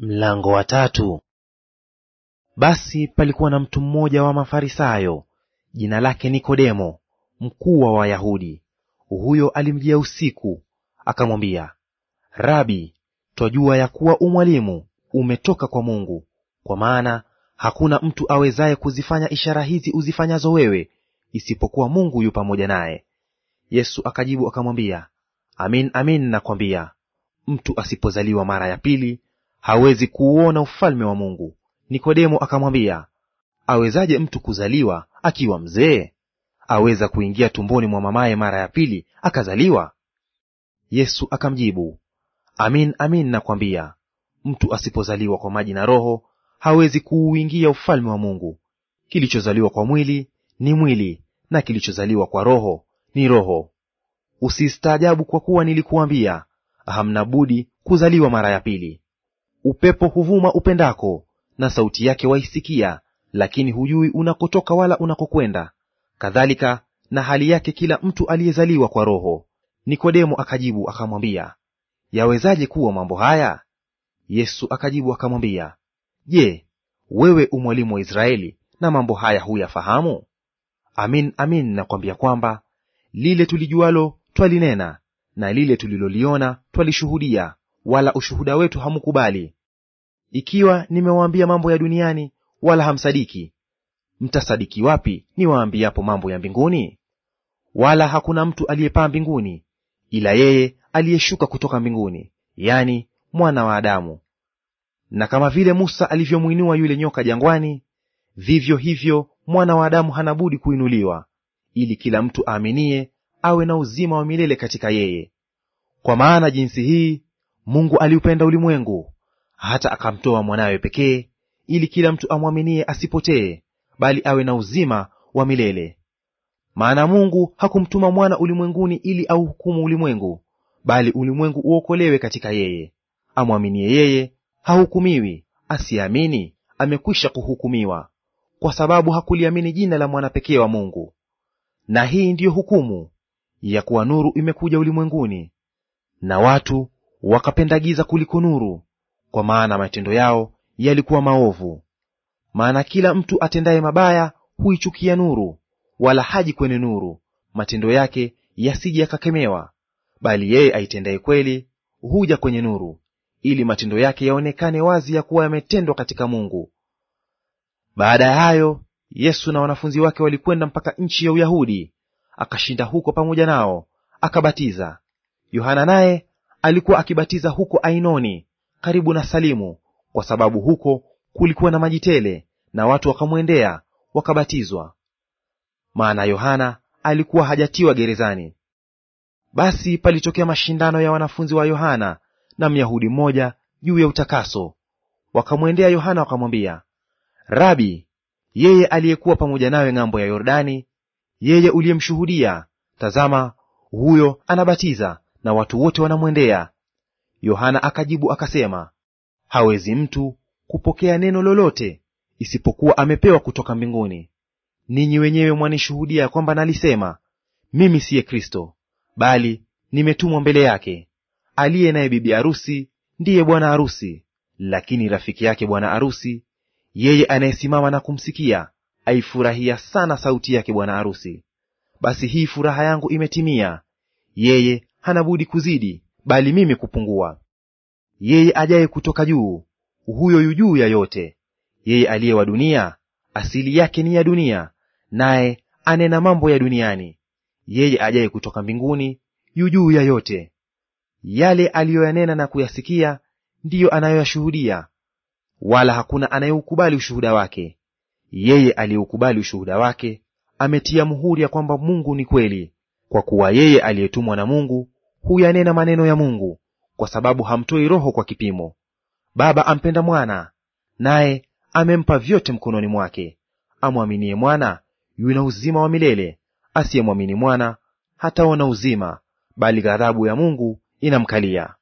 Mlango wa tatu. Basi palikuwa na mtu mmoja wa Mafarisayo, jina lake Nikodemo, mkuu wa Wayahudi. Huyo alimjia usiku, akamwambia, Rabi, twajua ya kuwa umwalimu umetoka kwa Mungu, kwa maana hakuna mtu awezaye kuzifanya ishara hizi uzifanyazo wewe, isipokuwa Mungu yu pamoja naye. Yesu akajibu akamwambia, Amin, amin nakwambia, mtu asipozaliwa mara ya pili hawezi kuuona ufalme wa Mungu. Nikodemo akamwambia, awezaje mtu kuzaliwa akiwa mzee? Aweza kuingia tumboni mwa mamaye mara ya pili akazaliwa? Yesu akamjibu, amin amin nakwambia, mtu asipozaliwa kwa maji na Roho hawezi kuuingia ufalme wa Mungu. Kilichozaliwa kwa mwili ni mwili, na kilichozaliwa kwa Roho ni roho. Usistaajabu kwa kuwa nilikuambia hamna budi kuzaliwa mara ya pili. Upepo huvuma upendako, na sauti yake waisikia, lakini hujui unakotoka wala unakokwenda. Kadhalika na hali yake kila mtu aliyezaliwa kwa Roho. Nikodemo akajibu akamwambia, yawezaje kuwa mambo haya? Yesu akajibu akamwambia, Je, wewe umwalimu wa Israeli na mambo haya huyafahamu? Amin, amin nakwambia kwamba lile tulijualo twalinena na lile tuliloliona twalishuhudia, wala ushuhuda wetu hamukubali. Ikiwa nimewaambia mambo ya duniani, wala hamsadiki, mtasadiki wapi niwaambiapo mambo ya mbinguni? Wala hakuna mtu aliyepaa mbinguni ila yeye aliyeshuka kutoka mbinguni, yani mwana wa Adamu. Na kama vile Musa alivyomwinua yule nyoka jangwani, vivyo hivyo mwana wa Adamu hana budi kuinuliwa, ili kila mtu aaminie awe na uzima wa milele katika yeye. Kwa maana jinsi hii Mungu aliupenda ulimwengu hata akamtoa mwanawe pekee, ili kila mtu amwaminie asipotee, bali awe na uzima wa milele. Maana Mungu hakumtuma mwana ulimwenguni ili auhukumu ulimwengu, bali ulimwengu uokolewe katika yeye. Amwaminie yeye hahukumiwi; asiamini amekwisha kuhukumiwa, kwa sababu hakuliamini jina la mwana pekee wa Mungu. Na hii ndiyo hukumu ya kuwa nuru imekuja ulimwenguni, na watu wakapenda giza kuliko nuru, kwa maana matendo yao yalikuwa maovu. Maana kila mtu atendaye mabaya huichukia nuru, wala haji kwenye nuru, matendo yake yasije yakakemewa. Bali yeye aitendaye kweli huja kwenye nuru, ili matendo yake yaonekane wazi ya kuwa yametendwa katika Mungu. Baada ya hayo, Yesu na wanafunzi wake walikwenda mpaka nchi ya Uyahudi, akashinda huko pamoja nao, akabatiza. Yohana naye alikuwa akibatiza huko Ainoni, karibu na Salimu, kwa sababu huko kulikuwa na maji tele, na watu wakamwendea wakabatizwa, maana Yohana alikuwa hajatiwa gerezani. Basi palitokea mashindano ya wanafunzi wa Yohana na Myahudi mmoja juu ya utakaso. Wakamwendea Yohana wakamwambia, Rabi, yeye aliyekuwa pamoja nawe ng'ambo ya Yordani, yeye uliyemshuhudia, tazama, huyo anabatiza na watu wote wanamwendea, Yohana akajibu akasema, hawezi mtu kupokea neno lolote isipokuwa amepewa kutoka mbinguni. Ninyi wenyewe mwanishuhudia kwamba nalisema, mimi siye Kristo, bali nimetumwa mbele yake. Aliye naye bibi arusi ndiye bwana arusi, lakini rafiki yake bwana arusi, yeye anayesimama na kumsikia, aifurahia sana sauti yake bwana arusi. Basi hii furaha yangu imetimia. Yeye hana budi kuzidi bali mimi kupungua. Yeye ajaye kutoka juu, huyo yu juu ya yote. Yeye aliye wa dunia, asili yake ni ya dunia, naye anena mambo ya duniani. Yeye ajaye kutoka mbinguni, yu juu ya yote. Yale aliyoyanena na kuyasikia ndiyo anayoyashuhudia, wala hakuna anayeukubali ushuhuda wake. Yeye aliyeukubali ushuhuda wake ametia muhuri ya kwamba Mungu ni kweli, kwa kuwa yeye aliyetumwa na Mungu huyanena maneno ya Mungu, kwa sababu hamtoi roho kwa kipimo. Baba ampenda mwana, naye amempa vyote mkononi mwake. Amwaminie mwana yuna uzima wa milele, asiyemwamini mwana hataona uzima, bali ghadhabu ya Mungu inamkalia.